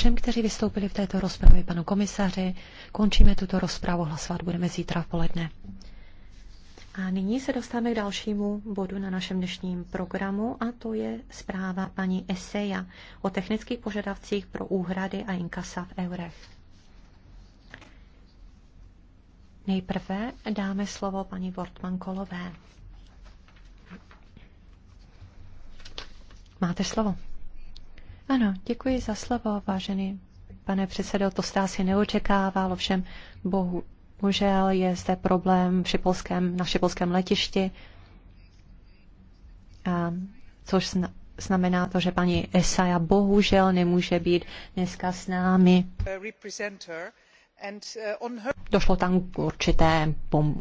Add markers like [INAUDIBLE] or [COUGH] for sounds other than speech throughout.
všem, kteří vystoupili v této rozpravě, panu komisaři. Končíme tuto rozpravu, hlasovat budeme zítra v poledne. A nyní se dostáváme k dalšímu bodu na našem dnešním programu a to je zpráva paní Eseja o technických požadavcích pro úhrady a inkasa v eurech. Nejprve dáme slovo paní Wortman Kolové. Máte slovo. Ano, děkuji za slovo, vážený pane předsedo. To jste asi neočekával, ovšem bohu. Bohužel je zde problém v šipolském, na šipolském letišti, a, což znamená to, že paní Esaja bohužel nemůže být dneska s námi. Uh, Došlo tam k určité bom,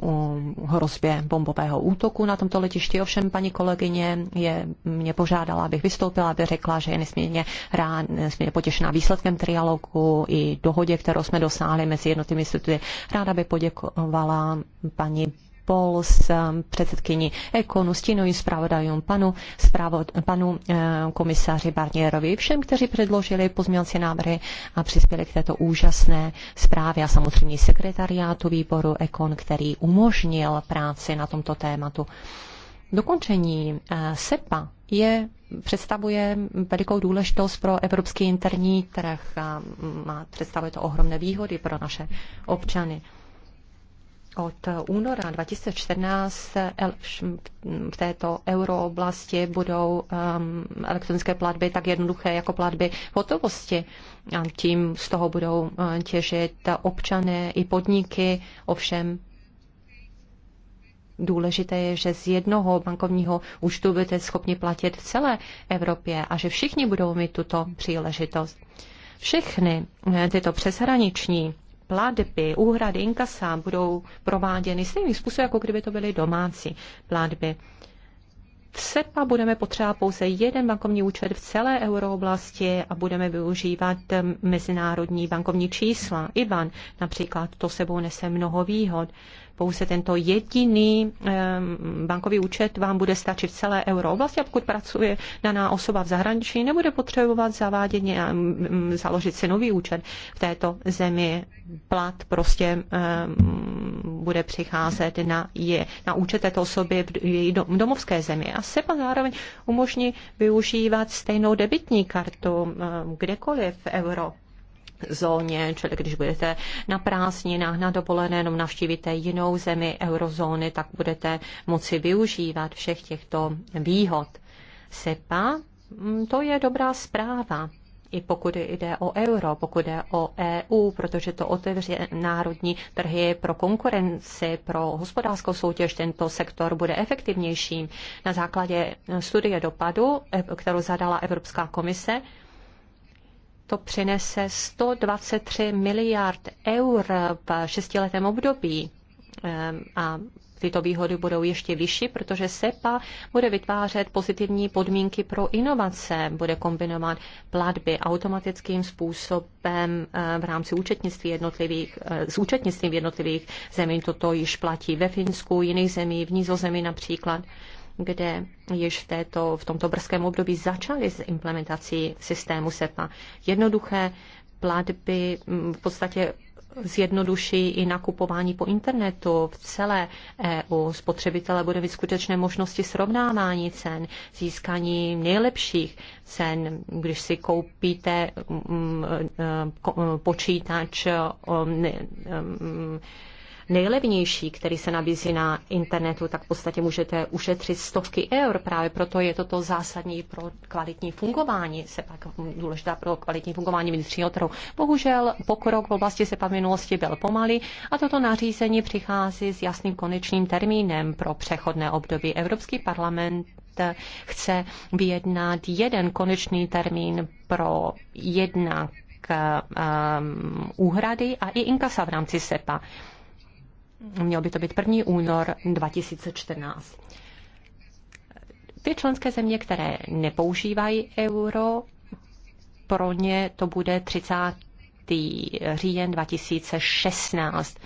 hrozbě bombového útoku na tomto letišti, ovšem paní kolegyně je, mě požádala, abych vystoupila, aby řekla, že je nesmírně, rád, nesmírně potěšená výsledkem trialogu i dohodě, kterou jsme dosáhli mezi jednotlivými instituty. Ráda by poděkovala paní spol s um, předsedkyní Ekonu, stínovým zpravodajům panu, panu eh, komisáři Barnierovi, všem, kteří předložili pozměňovací návrhy a přispěli k této úžasné zprávě a samozřejmě sekretariátu výboru Ekon, který umožnil práci na tomto tématu. Dokončení eh, SEPA je, představuje velikou důležitost pro evropský interní trh a mm, má, představuje to ohromné výhody pro naše občany od února 2014 v této eurooblasti budou um, elektronické platby tak jednoduché jako platby hotovosti. A tím z toho budou uh, těžit občané i podniky. Ovšem důležité je, že z jednoho bankovního účtu budete schopni platit v celé Evropě a že všichni budou mít tuto příležitost. Všechny eh, tyto přeshraniční platby, úhrady, inkasa budou prováděny stejným způsobem, jako kdyby to byly domácí platby. V SEPA budeme potřebovat pouze jeden bankovní účet v celé eurooblasti a budeme využívat um, mezinárodní bankovní čísla, IBAN například, to sebou nese mnoho výhod pouze tento jediný bankový účet vám bude stačit v celé eurooblasti a pokud pracuje daná osoba v zahraničí, nebude potřebovat zavádět a založit si nový účet v této zemi. Plat prostě bude přicházet na, je, na účet této osoby v její domovské zemi. A SEPA zároveň umožní využívat stejnou debitní kartu kdekoliv v Evropě zóně, čili když budete na prázdninách, na dovolené, jenom navštívíte jinou zemi eurozóny, tak budete moci využívat všech těchto výhod. SEPA, mm, to je dobrá zpráva i pokud jde o euro, pokud jde o EU, protože to otevře národní trhy pro konkurenci, pro hospodářskou soutěž, tento sektor bude efektivnější. Na základě studie dopadu, e, kterou zadala Evropská komise, to přinese 123 miliard eur v šestiletém období ehm, a tyto výhody budou ještě vyšší, protože SEPA bude vytvářet pozitivní podmínky pro inovace, bude kombinovat platby automatickým způsobem ehm, v rámci účetnictví jednotlivých, ehm, s účetnictvím jednotlivých zemí. Toto již platí ve Finsku, jiných zemí, v Nízozemí například kde již v, této, v tomto brzkém období začaly s implementací systému SEPA. Jednoduché platby mm, v podstatě zjednoduší i nakupování po internetu v celé EU. Spotřebitele bude mít skutečné možnosti srovnávání cen, získání nejlepších cen. Když si koupíte mm, mm, e, e, počítač nejlevnější, který se nabízí na internetu, tak v podstatě můžete ušetřit stovky eur. Právě proto je toto zásadní pro kvalitní fungování, se pak důležitá pro kvalitní fungování vnitřního trhu. Bohužel pokrok v oblasti se minulosti byl pomalý a toto nařízení přichází s jasným konečným termínem pro přechodné období. Evropský parlament chce vyjednat jeden konečný termín pro jedna k um, úhrady a i inkasa v rámci SEPA měl by to být 1. únor 2014. Ty členské země, které nepoužívají euro, pro ně to bude 30. říjen 2016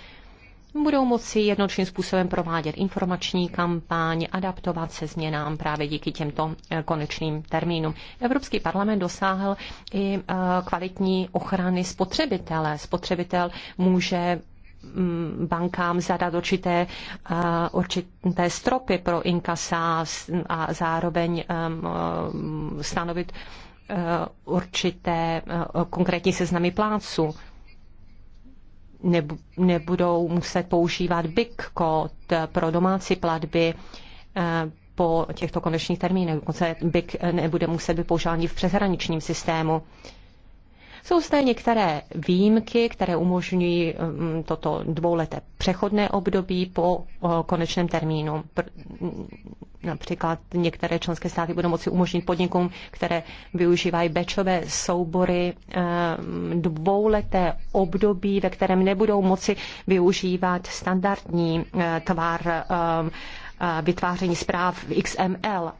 budou moci jednočným způsobem provádět informační kampaň, adaptovat se změnám právě díky těmto eh, konečným termínům. Evropský parlament dosáhl i eh, kvalitní ochrany spotřebitele. Spotřebitel může Mm, bankám zadat určité, eh, určité stropy pro inkasa a zároveň ehm, eh, stanovit eh, určité konkrétní seznamy pláců. Nebudou muset používat BIC kód pro domácí platby po těchto konečných termínech. Dokonce BIC nebude muset být používán v přeshraničním systému. Jsou zde některé výjimky, které umožňují mm, toto dvouleté přechodné období po konečném termínu. Například některé členské státy budou moci umožnit podnikům, které využívají bečové soubory ehm, dvouleté období, ve kterém nebudou moci využívat standardní eh, tvar ehm, eh, vytváření zpráv v XML,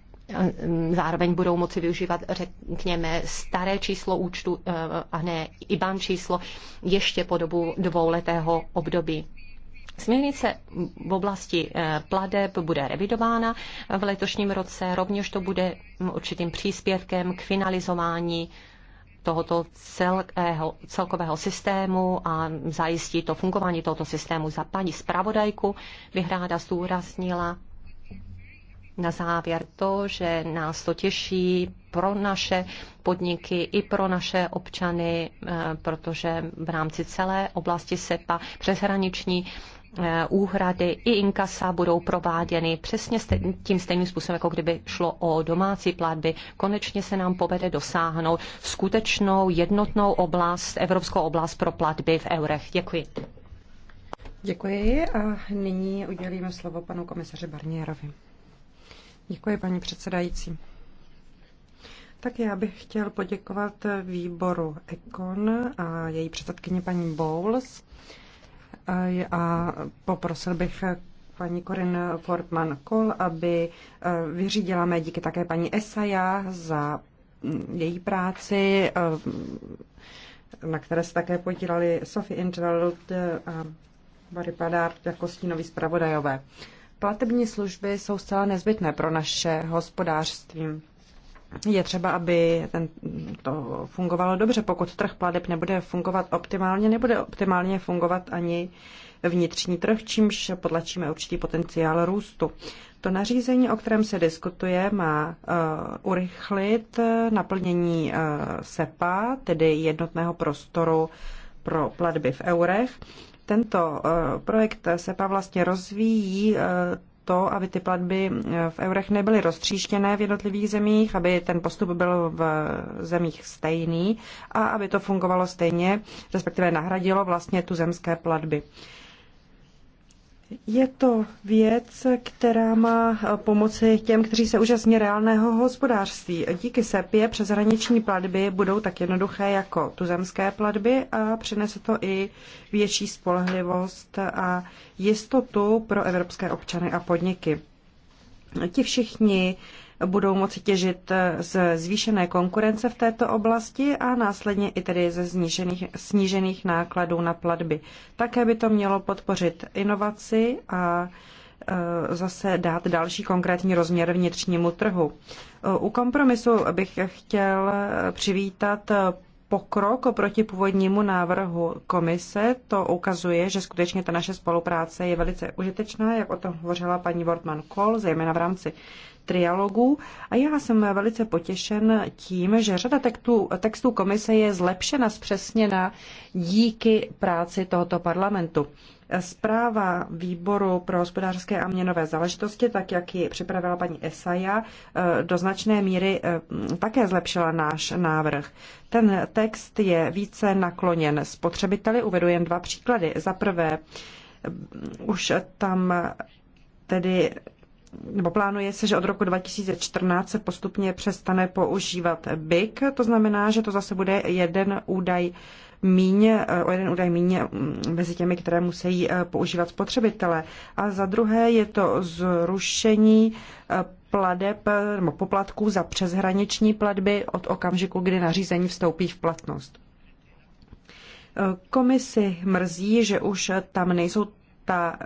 Mm, zároveň budou moci využívat, řekněme, staré číslo účtu eh, a ne IBAN číslo ještě po dobu dvouletého období. Směrnice v oblasti eh, pladeb bude revidována v letošním roce, rovněž to bude mm, určitým příspěvkem k finalizování tohoto celkého, celkového systému a zajistí to fungování tohoto systému. Za paní zpravodajku bych ráda zdůraznila na závěr to, že nás to těší pro naše podniky i pro naše občany, eh, protože v rámci celé oblasti SEPA přeshraniční eh, úhrady i inkasa budou prováděny přesně tím stejným způsobem, jako kdyby šlo o domácí platby. Konečně se nám povede dosáhnout skutečnou jednotnou oblast, evropskou oblast pro platby v eurech. Děkuji. Děkuji a nyní udělíme slovo panu komisaři Barnierovi. Děkuji, paní předsedající. Tak já bych chtěl poděkovat výboru Econ a její předsedkyni paní Bowles a poprosil bych paní Corin Fortman Kol, aby eh, vyřídila mé díky také paní Esaja za mm, její práci, eh, na které se také podílali Sophie Intveld a Barry Padard jako stínový zpravodajové. Platební služby jsou zcela nezbytné pro naše hospodářství. Je třeba, aby ten, to fungovalo dobře. Pokud trh pladeb nebude fungovat optimálně, nebude optimálně fungovat ani vnitřní trh, čímž potlačíme určitý potenciál růstu. To nařízení, o kterém se diskutuje, má uh, urychlit eh, naplnění uh, SEPA, tedy jednotného prostoru pro platby v eurech, tento eh, projekt SEPA vlastně rozvíjí eh, to, aby ty platby eh, v eurech nebyly roztříštěné v jednotlivých zemích, aby ten postup byl v zemích stejný a aby to fungovalo stejně, respektive nahradilo vlastně tu zemské platby. Je to věc, která má pomoci těm, kteří se účastní reálného hospodářství. Díky SEPě přeshraniční platby budou tak jednoduché jako tuzemské platby a přinese to i větší spolehlivost a jistotu pro evropské občany a podniky. Ti všichni budou moci těžit eh, z zvýšené konkurence v této oblasti a následně i tedy ze snížených, snížených nákladů na platby. Také by to mělo podpořit inovaci a eh, zase dát další konkrétní rozměr vnitřnímu trhu. Eh, u kompromisu bych chtěl přivítat pokrok oproti původnímu návrhu komise. To ukazuje, že skutečně ta naše spolupráce je velice užitečná, jak o tom hovořila paní Wortmann Kohl, zejména v rámci trialogů a já jsem velice potěšen tím, že řada textů, textů komise je zlepšena, zpřesněna díky práci tohoto parlamentu. Zpráva výboru pro hospodářské a měnové záležitosti, tak jak ji připravila paní Esaja, eh, do značné míry eh, také zlepšila náš návrh. Ten text je více nakloněn spotřebiteli. Uvedu jen dva příklady. Za prvé, už tam tedy nebo plánuje se, že od roku 2014 se postupně přestane používat BIC, to znamená, že to zase bude jeden údaj míň, eh, o jeden údaj míň mm, mezi těmi, které musí eh, používat spotřebitele. A za druhé je to zrušení eh, pladeb nebo poplatků za přeshraniční platby od okamžiku, kdy nařízení vstoupí v platnost. Komisi mrzí, že už tam nejsou ta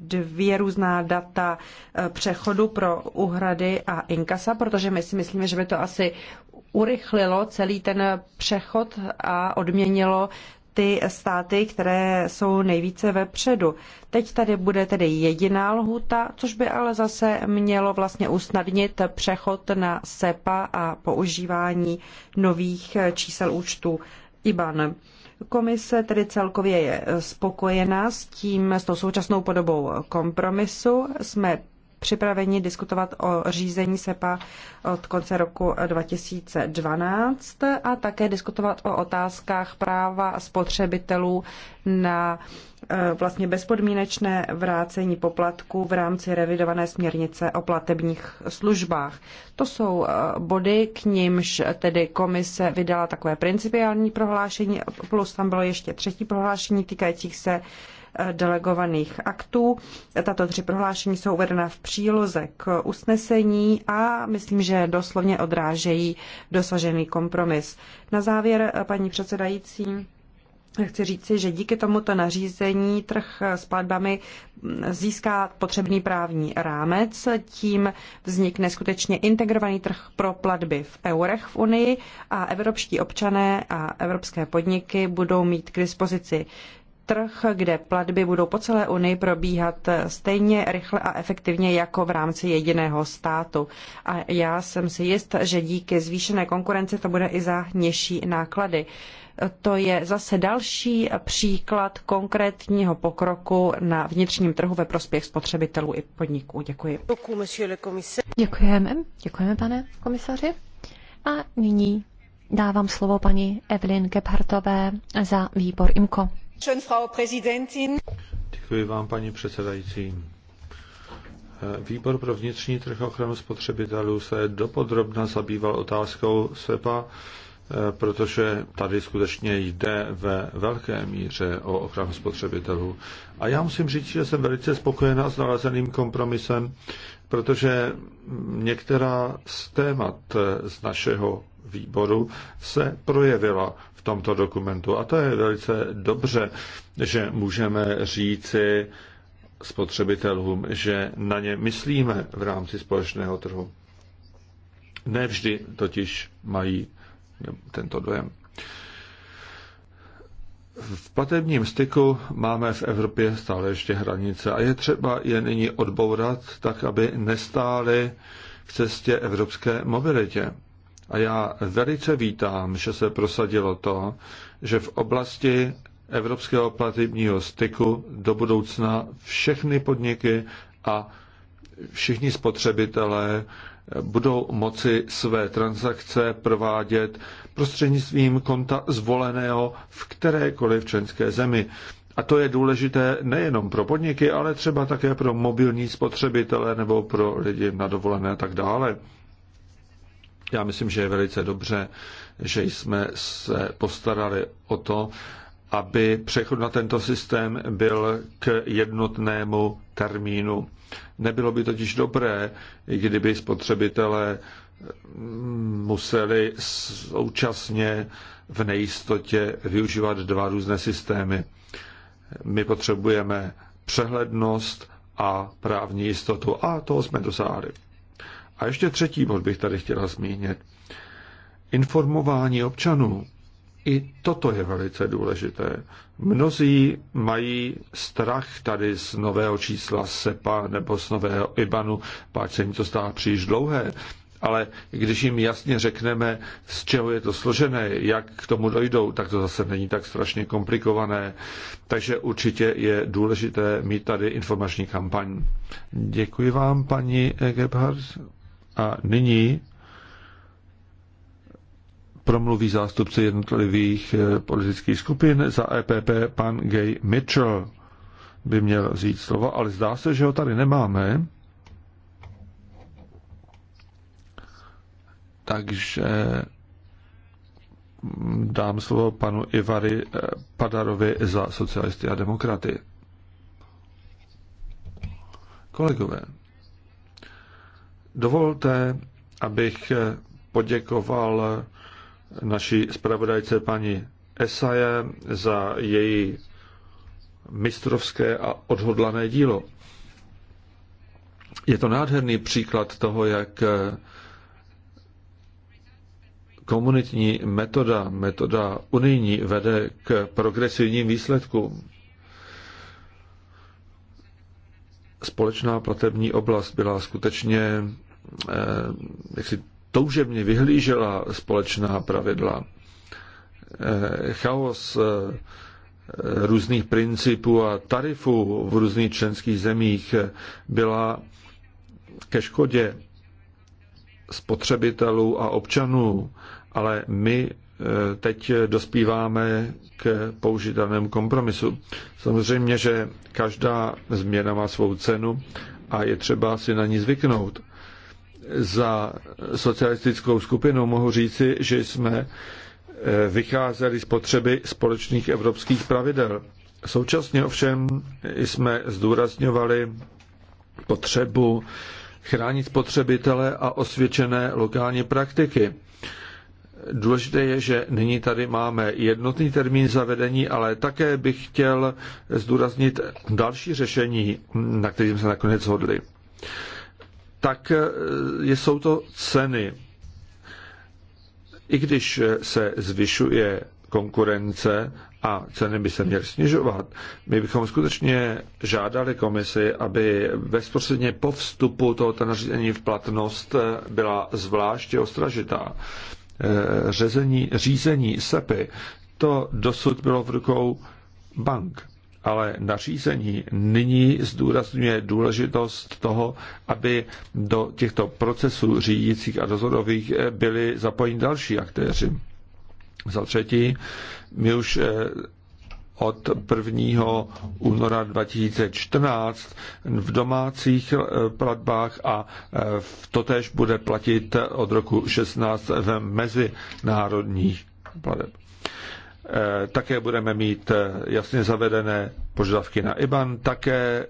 dvě různá data e, přechodu pro úhrady a inkasa, protože my si myslíme, že by to asi urychlilo celý ten přechod a odměnilo ty státy, které jsou nejvíce vepředu. Teď tady bude tedy jediná lhůta, což by ale zase mělo vlastně usnadnit přechod na SEPA a používání nových čísel účtu IBAN. Komise tedy celkově je spokojená s tím, s tou současnou podobou kompromisu. Jsme připraveni diskutovat o řízení SEPA od konce roku 2012 a také diskutovat o otázkách práva spotřebitelů na e, vlastně bezpodmínečné vrácení poplatků v rámci revidované směrnice o platebních službách. To jsou e, body, k nímž tedy komise vydala takové principiální prohlášení, plus tam bylo ještě třetí prohlášení týkajících se delegovaných aktů. Tato tři prohlášení jsou uvedena v příloze k usnesení a myslím, že doslovně odrážejí dosažený kompromis. Na závěr, paní předsedající, Chci říci, že díky tomuto nařízení trh s platbami získá potřebný právní rámec, tím vznikne skutečně integrovaný trh pro platby v eurech v Unii a evropští občané a evropské podniky budou mít k dispozici trh, kde platby budou po celé Unii probíhat stejně rychle a efektivně jako v rámci jediného státu. A já jsem si jist, že díky zvýšené konkurenci to bude i za nižší náklady. To je zase další příklad konkrétního pokroku na vnitřním trhu ve prospěch spotřebitelů i podniků. Děkuji. Děkujeme. Děkujeme, pane komisaři. A nyní dávám slovo paní Evelyn Gebhartové za výbor IMCO. Děkuji vám, paní předsedající. Výbor pro vnitřní trh ochranu spotřebitelů se dopodrobna zabýval otázkou SEPA, protože tady skutečně jde ve velké míře o ochranu spotřebitelů. A já musím říct, že jsem velice spokojená s nalezeným kompromisem, protože některá z témat z našeho výboru se projevila v tomto dokumentu. A to je velice dobře, že můžeme říci spotřebitelům, že na ně myslíme v rámci společného trhu. Nevždy totiž mají tento dojem. V platebním styku máme v Evropě stále ještě hranice a je třeba je nyní odbourat tak, aby nestály v cestě evropské mobilitě. A já velice vítám, že se prosadilo to, že v oblasti evropského platebního styku do budoucna všechny podniky a všichni spotřebitelé budou moci své transakce provádět prostřednictvím konta zvoleného v kterékoliv členské zemi. A to je důležité nejenom pro podniky, ale třeba také pro mobilní spotřebitele nebo pro lidi na dovolené a tak dále. Já myslím, že je velice dobře, že jsme se postarali o to, aby přechod na tento systém byl k jednotnému termínu. Nebylo by totiž dobré, kdyby spotřebitelé museli současně v nejistotě využívat dva různé systémy. My potřebujeme přehlednost a právní jistotu a toho jsme dosáhli. A ještě třetí bod bych tady chtěla zmínit. Informování občanů. I toto je velice důležité. Mnozí mají strach tady z nového čísla SEPA nebo z nového IBANu, pak se jim to stává příliš dlouhé. Ale když jim jasně řekneme, z čeho je to složené, jak k tomu dojdou, tak to zase není tak strašně komplikované. Takže určitě je důležité mít tady informační kampaň. Děkuji vám, paní Gebhardt. A nyní promluví zástupce jednotlivých eh, politických skupin za EPP pan Gay Mitchell by měl říct slovo, ale zdá se, že ho tady nemáme. Takže mm, dám slovo panu Ivary eh, Padarovi za socialisty a demokraty. Kolegové, Dovolte, abych poděkoval naší zpravodajce paní Esaje za její mistrovské a odhodlané dílo. Je to nádherný příklad toho, jak komunitní metoda, metoda unijní vede k progresivním výsledkům. Společná platební oblast byla skutečně Eh, jaksi toužebně vyhlížela společná pravidla. Eh, chaos eh, různých principů a tarifů v různých členských zemích byla ke škodě spotřebitelů a občanů, ale my teď dospíváme k použitelnému kompromisu. Samozřejmě, že každá změna má svou cenu a je třeba si na ní zvyknout za socialistickou skupinu mohu říci, že jsme eh, vycházeli z potřeby společných evropských pravidel. Současně ovšem jsme zdůrazňovali potřebu chránit spotřebitele a osvědčené lokální praktiky. Důležité je, že nyní tady máme jednotný termín zavedení, ale také bych chtěl zdůraznit další řešení, na kterým se nakonec hodli tak eh, jsou to ceny. I když eh, se zvyšuje konkurence a ceny by se měly snižovat, my bychom skutečně žádali komisi, aby bezprostředně po vstupu tohoto nařízení v platnost eh, byla zvláště ostražitá. Řezení, řízení SEPy to dosud bylo v rukou bank ale nařízení nyní zdůrazňuje důležitost toho, aby do těchto procesů řídících a dozorových eh, byli zapojeni další aktéři. Za třetí, my už eh, od 1. února 2014 v domácích eh, platbách a v totéž bude platit od roku 16 ve mezinárodních platbách. Eh, také budeme mít eh, jasně zavedené požadavky na IBAN, také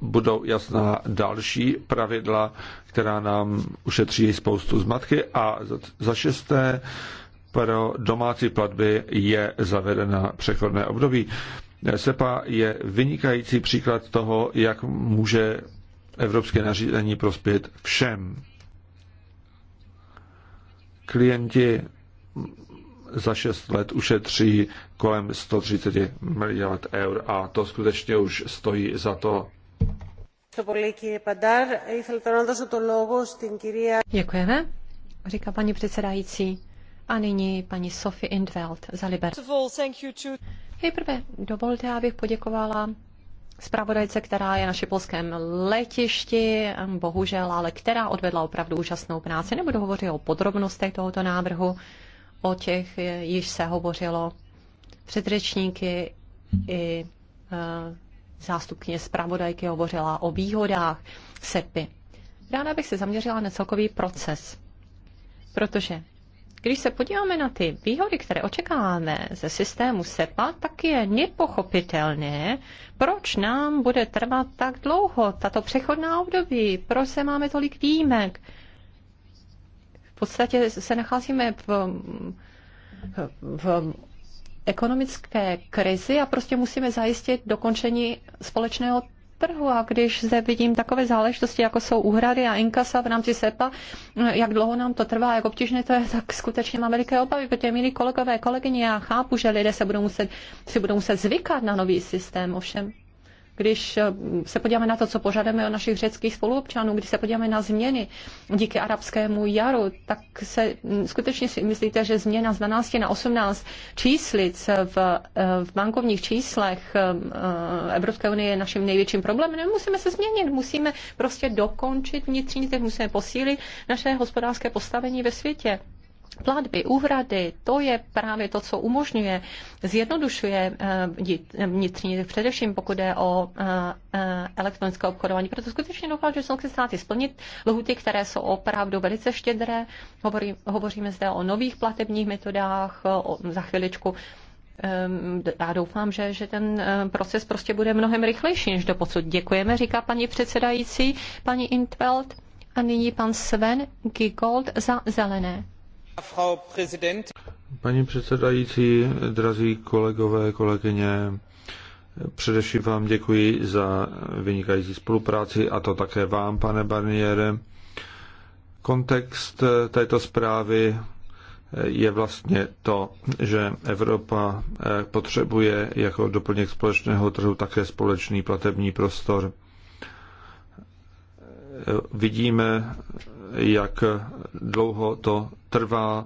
budou jasná další pravidla, která nám ušetří spoustu zmatky a za šesté pro domácí platby je zavedena přechodné období. Eh, SEPA je vynikající příklad toho, jak může evropské nařízení prospět všem. Klienti za 6 let ušetří kolem 130 miliard eur a to skutečně už stojí za to. Děkujeme, říká paní předsedající. A nyní paní Sophie Indveld za Liber. Nejprve dovolte, abych poděkovala zpravodajce, která je na šipolském letišti, bohužel, ale která odvedla opravdu úžasnou práci. Nebudu hovořit o podrobnostech tohoto návrhu, o těch již se hovořilo předřečníky i e, zástupkyně zpravodajky hovořila o výhodách SEPy. Ráda bych se zaměřila na celkový proces, protože když se podíváme na ty výhody, které očekáváme ze systému SEPA, tak je nepochopitelné, proč nám bude trvat tak dlouho tato přechodná období, proč se máme tolik výjimek, podstatě se nacházíme v, v ekonomické krizi a prostě musíme zajistit dokončení společného trhu a když zde vidím takové záležitosti, jako jsou úhrady a inkasa v rámci SEPA, jak dlouho nám to trvá, jak obtížné to je, tak skutečně mám veliké obavy, protože milí kolegové, kolegyně, já chápu, že lidé se budou muset, si budou muset zvykat na nový systém, ovšem když eh, se podíváme na to, co požadujeme od našich řeckých spoluobčanů, když se podíváme na změny díky arabskému jaru, tak se hm, skutečně si myslíte, že změna z 12 na 18 číslic v, eh, v bankovních číslech eh, Evropské unie je naším největším problémem. Nemusíme se změnit, musíme prostě dokončit vnitřní trh, musíme posílit naše hospodářské postavení ve světě platby, úhrady, to je právě to, co umožňuje, zjednodušuje eh, eh, vnitřní, především pokud je o eh, elektronické obchodování. Proto skutečně doufám, že jsou se státy splnit lhuty, které jsou opravdu velice štědré. Hovorí, hovoříme zde o nových platebních metodách, o, za chviličku já doufám, že, že ten proces prostě bude mnohem rychlejší než do posud. Děkujeme, říká paní předsedající, paní Intveld. A nyní pan Sven Gigold za zelené. Paní předsedající, drazí kolegové, kolegyně, především vám děkuji za vynikající spolupráci a to také vám, pane Barniere. Kontext této zprávy je vlastně to, že Evropa potřebuje jako doplněk společného trhu také společný platební prostor vidíme, jak dlouho to trvá,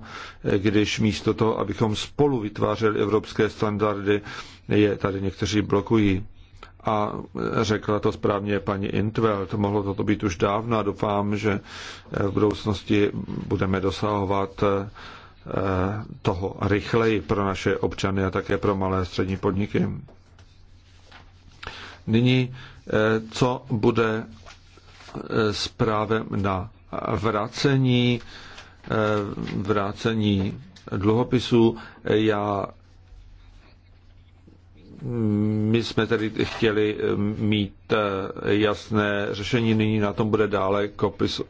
když místo toho, abychom spolu vytvářeli evropské standardy, je tady někteří blokují. A řekla to správně paní Intveld, mohlo toto být už dávno a doufám, že v budoucnosti budeme dosahovat eh, toho rychleji pro naše občany a také pro malé a střední podniky. Nyní, eh, co bude s právem na vracení, eh, vrácení dluhopisů. Já my jsme tedy chtěli eh, mít eh, jasné řešení, nyní na tom bude dále kopis,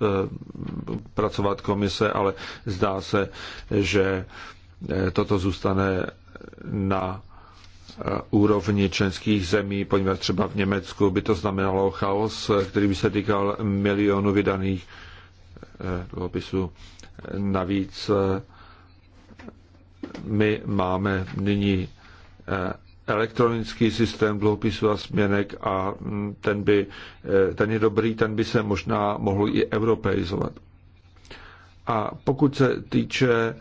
pracovat komise, ale zdá se, že toto zůstane na Eh, úrovni členských zemí, poněvadž třeba v Německu by to znamenalo chaos, eh, který by se týkal milionu vydaných eh, dluhopisů. Navíc my máme nyní elektronický systém dluhopisů a směnek a mm, ten, by, ten je dobrý, ten by se možná mohl i europeizovat. A pokud se týče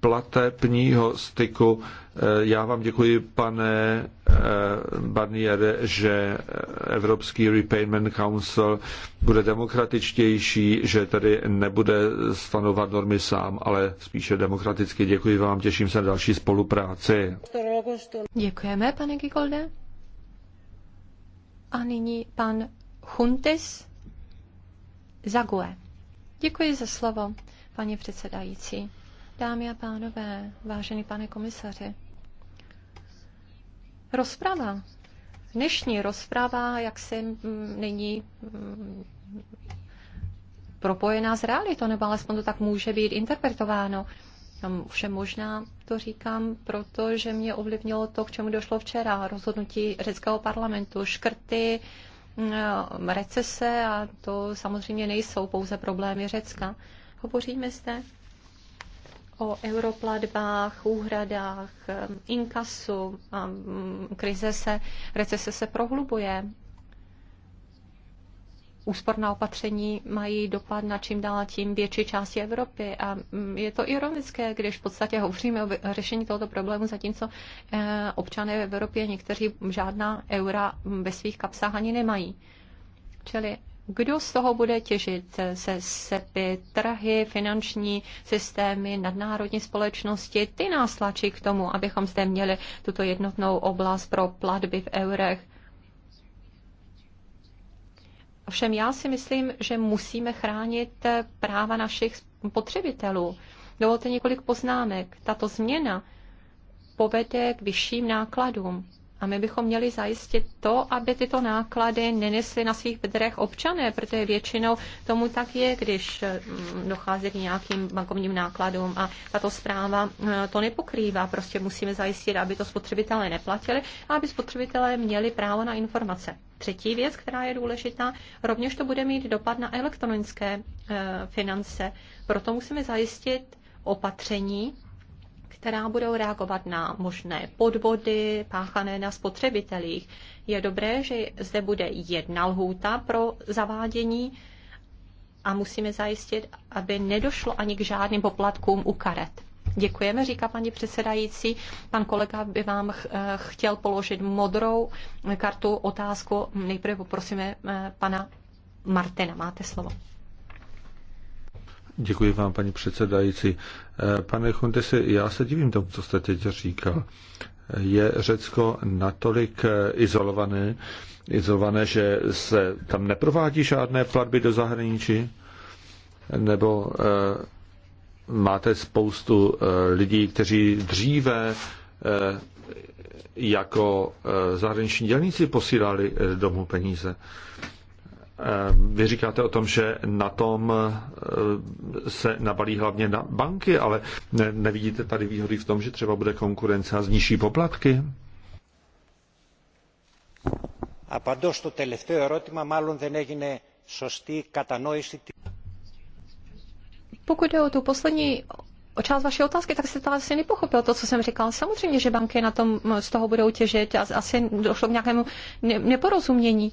platebního styku. Eh, já vám děkuji, pane eh, Barniere, že eh, Evropský Repayment Council bude demokratičtější, že tady nebude stanovat normy sám, ale spíše demokraticky. Děkuji vám, těším se na další spolupráci. Děkujeme, pane Gigolde. A nyní pan Huntis Zague. Děkuji za slovo, paní předsedající. Dámy a pánové, vážený pane komisaři, rozprava, dnešní rozprava, jak se mm, není mm, propojená s realitou, nebo alespoň to tak může být interpretováno. Všem možná to říkám, protože mě ovlivnilo to, k čemu došlo včera, rozhodnutí řeckého parlamentu, škrty, mm, recese a to samozřejmě nejsou pouze problémy Řecka. Hovoříme zde o europlatbách, úhradách, inkasu. Krize se, recese se prohlubuje. Úsporná opatření mají dopad na čím dál tím větší části Evropy. A je to ironické, když v podstatě hovoříme o řešení tohoto problému, zatímco eh, občané v Evropě někteří žádná eura ve svých kapsách ani nemají. Čili kdo z toho bude těžit? Se sepy, trhy, finanční systémy, nadnárodní společnosti, ty nás tlačí k tomu, abychom zde měli tuto jednotnou oblast pro platby v eurech. Ovšem já si myslím, že musíme chránit práva našich potřebitelů. Dovolte několik poznámek. Tato změna povede k vyšším nákladům. A my bychom měli zajistit to, aby tyto náklady nenesly na svých bedrech občané, protože většinou tomu tak je, když mm, dochází k nějakým bankovním nákladům a tato zpráva e, to nepokrývá. Prostě musíme zajistit, aby to spotřebitelé neplatili a aby spotřebitelé měli právo na informace. Třetí věc, která je důležitá, rovněž to bude mít dopad na elektronické e, finance. Proto musíme zajistit opatření, která budou reagovat na možné podvody páchané na spotřebitelích. Je dobré, že zde bude jedna lhůta pro zavádění a musíme zajistit, aby nedošlo ani k žádným poplatkům u karet. Děkujeme, říká paní předsedající. Pan kolega by vám eh, chtěl položit modrou kartu otázku. Nejprve poprosíme eh, pana Martina. Máte slovo. Děkuji vám, paní předsedající. Eh, pane Chundesi, já se divím tomu, co jste teď říkal. Je Řecko natolik eh, izolované, izolované, že se tam neprovádí žádné platby do zahraničí? Nebo eh, máte spoustu lidí, kteří dříve jako zahraniční dělníci posílali domů peníze. Eh, vy říkáte o tom, že na tom eh, se nabalí hlavně na banky, ale ne, nevidíte tady výhody v tom, že třeba bude konkurence a znižší poplatky? Απαντώ στο τελευταίο ερώτημα, μάλλον δεν έγινε σωστή κατανόηση. Pokud jde o tu poslední o část vaší otázky, tak jste to asi nepochopil, to, co jsem říkal. Samozřejmě, že banky na tom z toho budou těžit a asi došlo k nějakému neporozumění.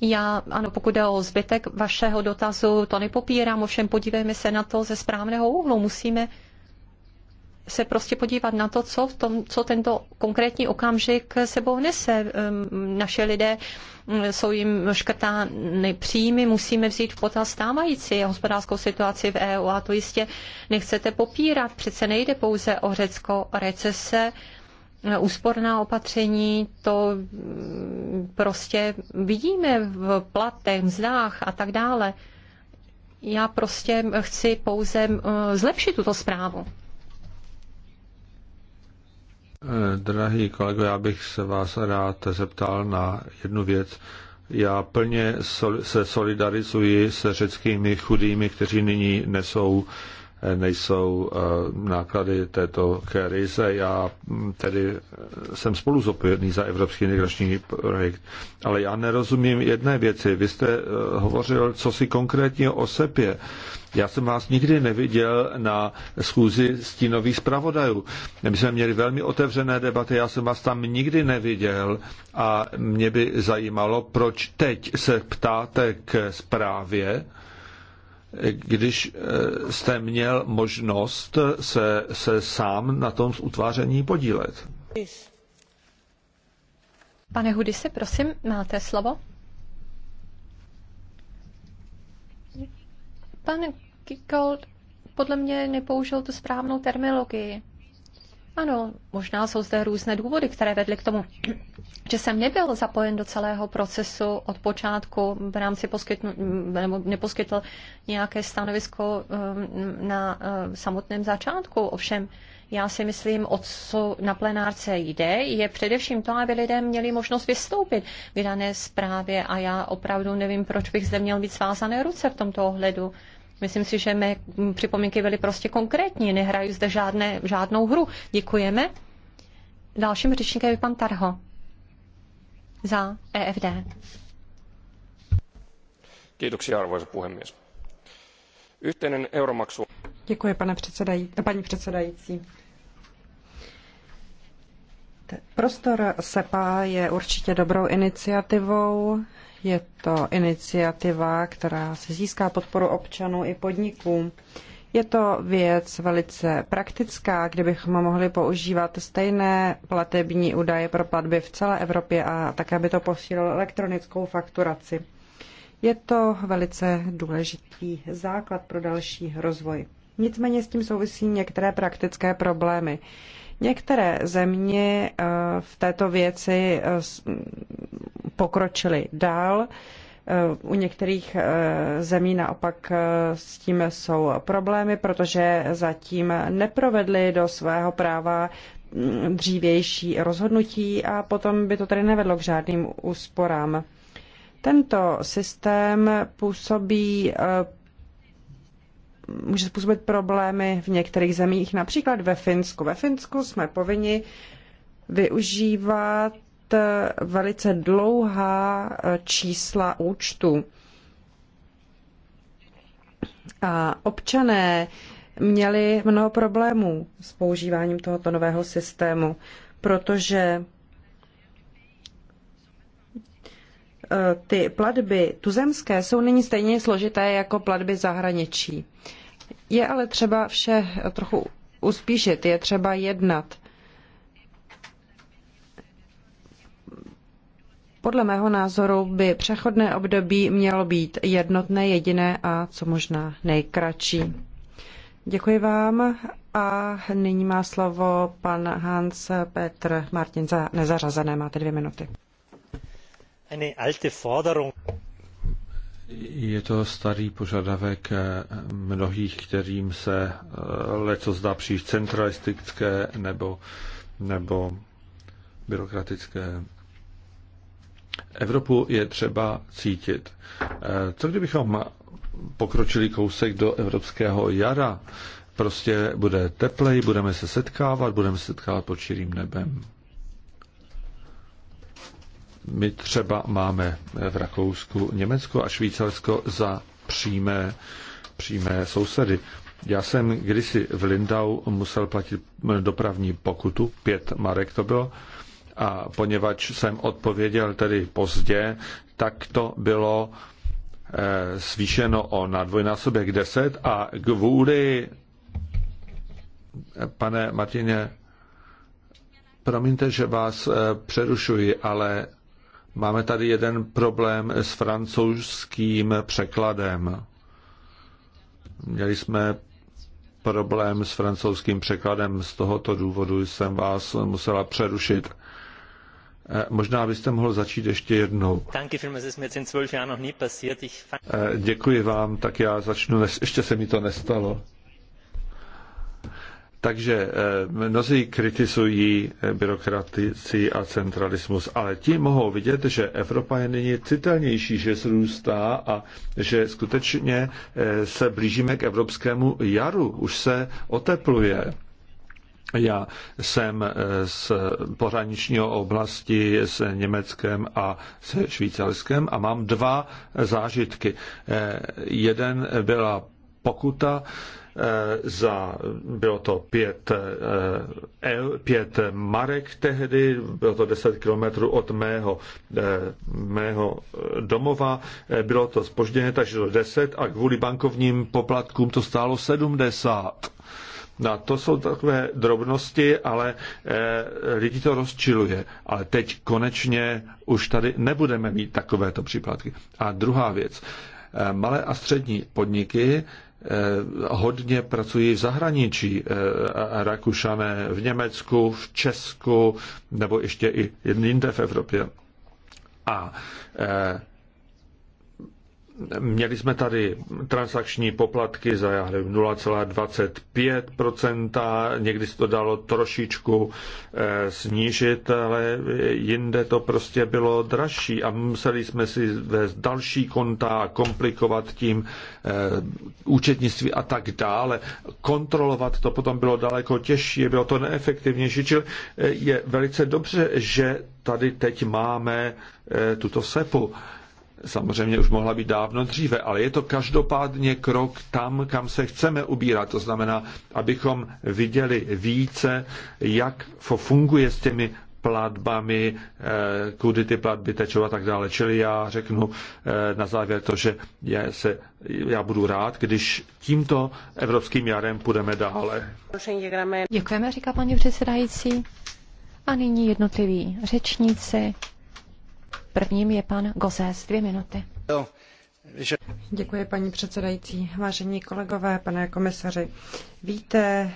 Já, ano, pokud jde o zbytek vašeho dotazu, to nepopírám, ovšem podívejme se na to ze správného úhlu. Musíme se prostě podívat na to, co, v tom, co tento konkrétní okamžik sebou nese. Ehm, naše lidé mm, jsou jim škrtány příjmy, musíme vzít v potaz stávající hospodářskou situaci v EU a to jistě nechcete popírat. Přece nejde pouze o Řecko recese, úsporná opatření, to mm, prostě vidíme v platech, mzdách a tak dále. Já prostě chci pouze mm, zlepšit tuto zprávu. Eh, drahý kolego, já bych se vás rád zeptal na jednu věc. Já plně se solidarizuji se řeckými chudými, kteří nyní nesou nejsou eh, náklady této krize. Já hm, tedy jsem spolu za Evropský integrační projekt, ale já nerozumím jedné věci. Vy jste eh, hovořil co si konkrétně o sepě. Já jsem vás nikdy neviděl na schůzi stínových zpravodajů. My jsme měli velmi otevřené debaty, já jsem vás tam nikdy neviděl a mě by zajímalo, proč teď se ptáte k zprávě, když eh, jste měl možnost se, se sám na tom utváření podílet. Pane Hudisi, prosím, máte slovo. Pane Kikold podle mě nepoužil tu správnou terminologii. Ano, možná jsou zde různé důvody, které vedly k tomu, že jsem nebyl zapojen do celého procesu od počátku v rámci poskytnu, nebo neposkytl nějaké stanovisko um, na uh, samotném začátku. Ovšem, já si myslím, o co na plenárce jde, je především to, aby lidé měli možnost vystoupit v dané zprávě a já opravdu nevím, proč bych zde měl být svázané ruce v tomto ohledu. Myslím si, že mé připomínky byly prostě konkrétní, nehrají zde žádné, žádnou hru. Děkujeme. Dalším řečníkem je pan Tarho za EFD. Kiitoksia, arvoisa puhemies. Yhteinen euromaksu... Děkuji, pane předsedají, paní předsedající. Prostor SEPA je určitě dobrou iniciativou, je to iniciativa, která se získá podporu občanů i podniků. Je to věc velice praktická, kdybychom mohli používat stejné platební údaje pro platby v celé Evropě a také by to posílilo elektronickou fakturaci. Je to velice důležitý základ pro další rozvoj. Nicméně s tím souvisí některé praktické problémy. Některé země eh, v této věci eh, pokročily dál. Eh, u některých zemí naopak s tím jsou problémy, protože zatím neprovedli do svého práva mm, dřívější rozhodnutí a potom by to tedy nevedlo k žádným úsporám. Tento systém působí může způsobit problémy v některých zemích, například ve Finsku. Ve Finsku jsme povinni využívat eh, velice dlouhá eh, čísla účtu. A občané měli mnoho problémů s používáním tohoto nového systému, protože Eh, ty platby tuzemské jsou nyní stejně složité jako platby zahraničí. Je ale třeba vše trochu uspíšit, je třeba jednat. Podle mého názoru by přechodné období mělo být jednotné, jediné a co možná nejkratší. Děkuji vám a nyní má slovo pan Hans Petr Martin za nezařazené. Máte dvě minuty. Je to starý požadavek mnohých, kterým se eh, leco zdá příliš centralistické nebo, nebo byrokratické. Evropu je třeba cítit. Eh, co kdybychom pokročili kousek do evropského jara? Prostě bude teplej, budeme se setkávat, budeme se setkávat pod širým nebem. My třeba máme v Rakousku, Německo a Švýcarsko za přímé, přímé sousedy. Já jsem kdysi v Lindau musel platit dopravní pokutu, pět marek to bylo, a poněvadž jsem odpověděl tedy pozdě, tak to bylo eh, zvýšeno o na dvojnásobek 10 a kvůli, pane Martině, promiňte, že vás eh, přerušuji, ale Máme tady jeden problém s francouzským překladem. Měli jsme problém s francouzským překladem, z tohoto důvodu jsem vás musela přerušit. Eh, možná byste mohl začít ještě jednou. Eh, děkuji vám, tak já začnu, ještě se mi to nestalo. Takže eh, mnozí kritizují eh, byrokratici a centralismus, ale ti mohou vidět, že Evropa je nyní citelnější, že zrůstá a že skutečně eh, se blížíme k evropskému jaru, už se otepluje. Já jsem z pohraničního oblasti s Německem a se Švýcarskem a mám dva zážitky. Jeden byla pokuta, Eh, za, bylo to pět, eh, pět marek tehdy, bylo to 10 kilometrů od mého, eh, mého domova, bylo to spožděné, takže to 10 a kvůli bankovním poplatkům to stálo 70. No, to jsou takové drobnosti, ale eh, lidi to rozčiluje. Ale teď konečně už tady nebudeme mít takovéto příplatky. A druhá věc. Eh, malé a střední podniky eh, Eh, hodně pracují v zahraničí, eh, Rakušané v Německu, v Česku nebo ještě i jinde v Evropě. A eh, Měli jsme tady transakční poplatky za 0,25%, někdy se to dalo trošičku eh, snížit, ale jinde to prostě bylo dražší a museli jsme si vést další konta a komplikovat tím eh, účetnictví a tak dále. Kontrolovat to potom bylo daleko těžší, bylo to neefektivnější, čili eh, je velice dobře, že tady teď máme tuto SEPu samozřejmě už mohla být dávno dříve, ale je to každopádně krok tam, kam se chceme ubírat. To znamená, abychom viděli více, jak funguje s těmi platbami, eh, kudy ty platby tečou a tak dále. Čili já řeknu eh, na závěr to, že já, se, já budu rád, když tímto evropským jarem půjdeme dále. Děkujeme, říká paní předsedající. A nyní jednotliví řečníci. Prvním je pan Gozes, dvě minuty. Děkuji, paní předsedající. Vážení kolegové, pane komisaři, víte,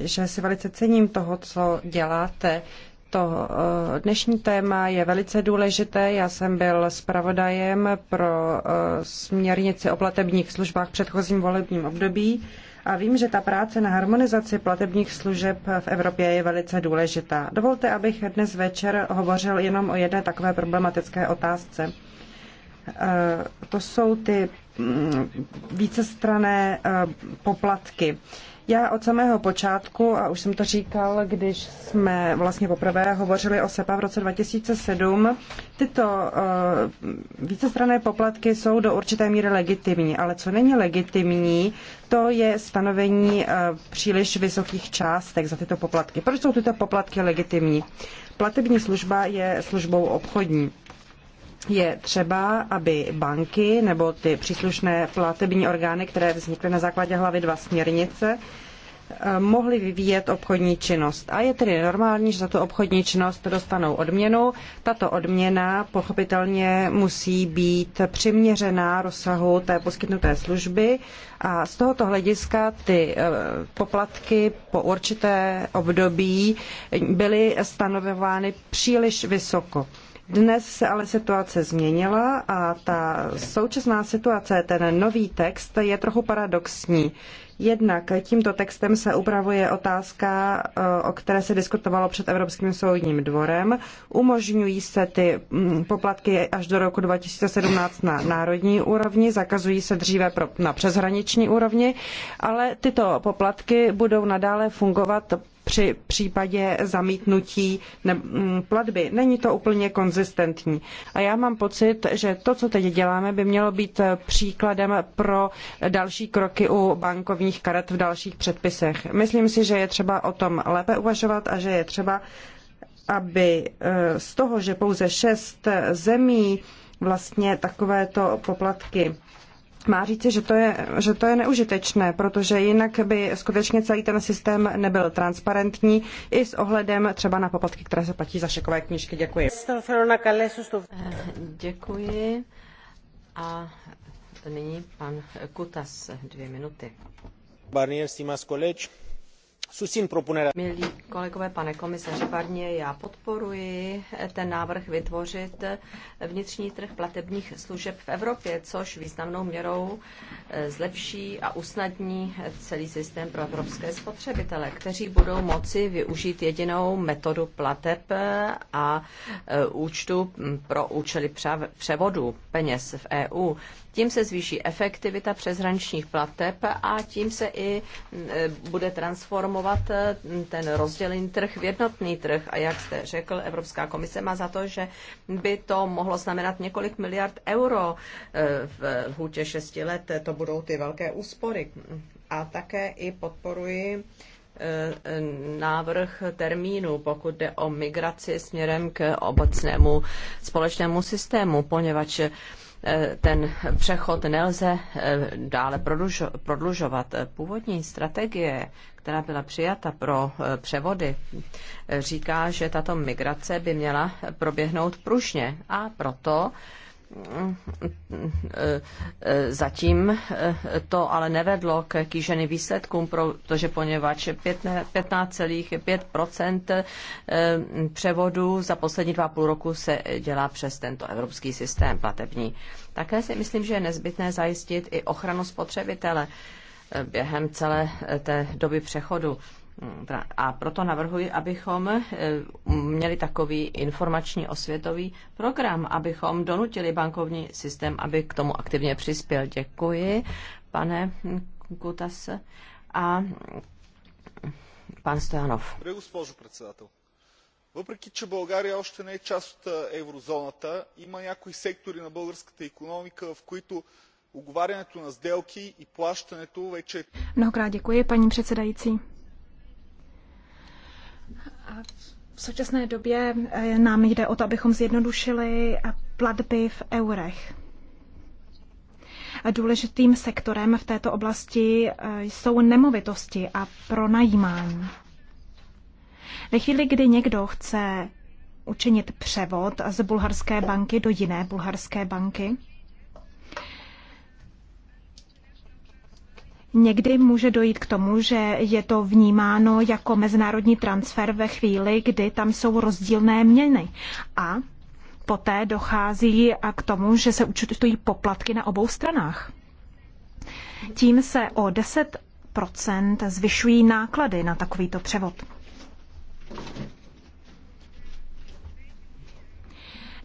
že si velice cením toho, co děláte. To eh, dnešní téma je velice důležité. Já jsem byl zpravodajem pro eh, směrnici o platebních službách v předchozím volebním období a vím, že ta práce na harmonizaci platebních služeb v Evropě je velice důležitá. Dovolte, abych dnes večer hovořil jenom o jedné takové problematické otázce. E, to jsou ty mm, vícestrané e, poplatky. Já od samého počátku, a už jsem to říkal, když jsme vlastně poprvé hovořili o SEPA v roce 2007, tyto uh, vícestrané poplatky jsou do určité míry legitimní, ale co není legitimní, to je stanovení uh, příliš vysokých částek za tyto poplatky. Proč jsou tyto poplatky legitimní? Platební služba je službou obchodní je třeba, aby banky nebo ty příslušné platební orgány, které vznikly na základě hlavy 2 směrnice, eh, mohli vyvíjet obchodní činnost. A je tedy normální, že za tu obchodní činnost dostanou odměnu. Tato odměna pochopitelně musí být přiměřená rozsahu té poskytnuté služby a z tohoto hlediska ty eh, poplatky po určité období byly stanovovány příliš vysoko. Dnes se ale situace změnila a ta současná situace, ten nový text je trochu paradoxní. Jednak tímto textem se upravuje otázka, eh, o které se diskutovalo před Evropským soudním dvorem. Umožňují se ty mm, poplatky až do roku 2017 na národní úrovni, zakazují se dříve na přeshraniční úrovni, ale tyto poplatky budou nadále fungovat při případě zamítnutí mm, platby. Není to úplně konzistentní. A já mám pocit, že to, co teď děláme, by mělo být příkladem pro další kroky u bankovních karet v dalších předpisech. Myslím si, že je třeba o tom lépe uvažovat a že je třeba, aby e, z toho, že pouze šest zemí vlastně takovéto poplatky má říci, že to, je, že to je neužitečné, protože jinak by skutečně celý ten systém nebyl transparentní i s ohledem třeba na poplatky, které se platí za šekové knížky. Děkuji. Eh, děkuji. A nyní pan Kutas, dvě minuty. Barnier, stimați colegi, Susin propunerea. Milí kolegové, pane komisaři Barně, já podporuji ten návrh vytvořit vnitřní trh platebních služeb v Evropě, což významnou měrou eh, zlepší a usnadní celý systém pro evropské spotřebitele, kteří budou moci využít jedinou metodu plateb eh, a eh, účtu hm, pro účely převodu peněz v EU. Tím se zvýší efektivita přeshraničních plateb a tím se i hm, bude transformovat transformovat eh, ten rozdělený trh v jednotný trh. A jak jste řekl, Evropská komise má za to, že by to mohlo znamenat několik miliard euro eh, v hůtě šesti let. To budou ty velké úspory. A také i podporuji eh, návrh termínu, pokud jde o migraci směrem k obecnému společnému systému, poněvadž Eh, ten přechod nelze eh, dále prodlužovat. Původní strategie, která byla přijata pro eh, převody, říká, že tato migrace by měla proběhnout pružně a proto Zatím to ale nevedlo k kýženým výsledkům, protože poněvadž 15,5 eh, převodů za poslední dva půl roku se dělá přes tento evropský systém platební. Také si myslím, že je nezbytné zajistit i ochranu spotřebitele eh, během celé eh, té doby přechodu a proto navrhuji, abychom měli takový informační osvětový program, abychom donutili bankovní systém, aby k tomu aktivně přispěl. Děkuji, pane Kutas. A pan Stojanov. Въпреки, че България още не е част от еврозоната, има някои сектори на българската економика, в които уговарянето на сделки и плащането вече е... Многократно děkuji, пани председайци. V současné době eh, nám jde o to, abychom zjednodušili eh, platby v eurech. Důležitým sektorem v této oblasti eh, jsou nemovitosti a pronajímání. Ve chvíli, kdy někdo chce učinit převod z bulharské banky do jiné bulharské banky, Někdy může dojít k tomu, že je to vnímáno jako mezinárodní transfer ve chvíli, kdy tam jsou rozdílné měny. A poté dochází a k tomu, že se učitují poplatky na obou stranách. Tím se o 10 zvyšují náklady na takovýto převod.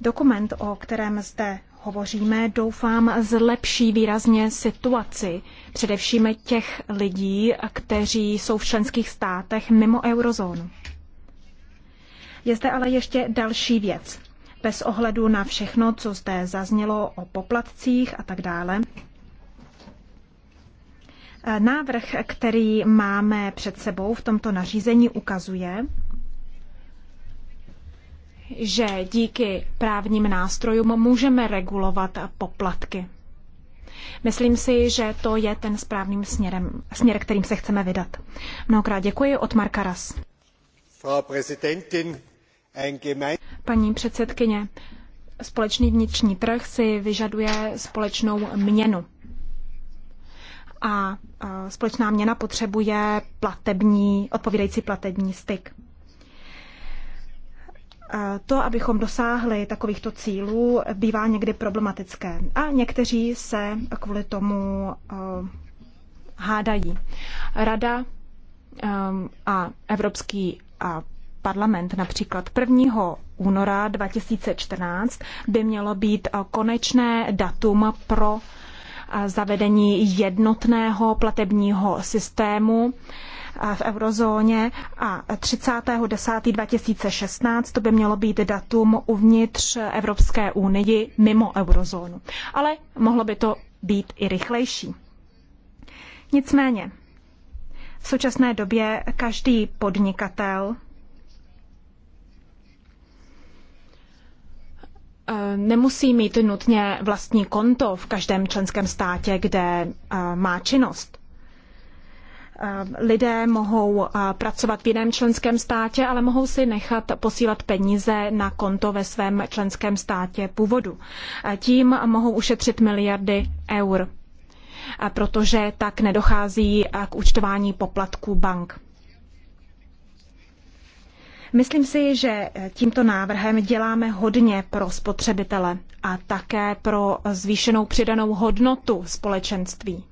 Dokument, o kterém zde hovoříme, doufám, zlepší výrazně situaci, především těch lidí, kteří jsou v členských státech mimo eurozónu. Je zde ale ještě další věc. Bez ohledu na všechno, co zde zaznělo o poplatcích a tak dále, Návrh, který máme před sebou v tomto nařízení, ukazuje, že díky právním nástrojům můžeme regulovat poplatky. Myslím si, že to je ten správným směrem, směr, kterým se chceme vydat. Mnohokrát děkuji od Marka Ras. Paní předsedkyně, společný vnitřní trh si vyžaduje společnou měnu. A společná měna potřebuje platební, odpovídající platební styk to, abychom dosáhli takovýchto cílů, bývá někdy problematické. A někteří se kvůli tomu eh, hádají. Rada eh, a Evropský parlament například 1. února 2014 by mělo být eh, konečné datum pro zavedení jednotného platebního systému v eurozóně a 30.10.2016 to by mělo být datum uvnitř Evropské unii mimo eurozónu. Ale mohlo by to být i rychlejší. Nicméně, v současné době každý podnikatel eh, nemusí mít nutně vlastní konto v každém členském státě, kde eh, má činnost lidé mohou pracovat v jiném členském státě, ale mohou si nechat posílat peníze na konto ve svém členském státě původu. Tím mohou ušetřit miliardy eur, protože tak nedochází k účtování poplatků bank. Myslím si, že tímto návrhem děláme hodně pro spotřebitele a také pro zvýšenou přidanou hodnotu společenství.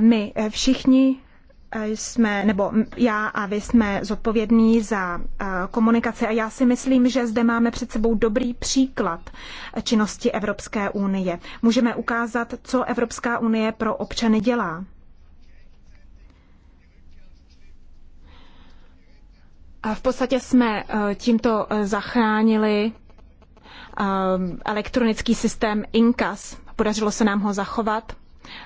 My všichni eh, jsme, nebo já a vy jsme zodpovědní za eh, komunikaci a já si myslím, že zde máme před sebou dobrý příklad činnosti Evropské unie. Můžeme ukázat, co Evropská unie pro občany dělá. A v podstatě jsme eh, tímto zachránili elektronický systém INCAS. Podařilo se nám ho zachovat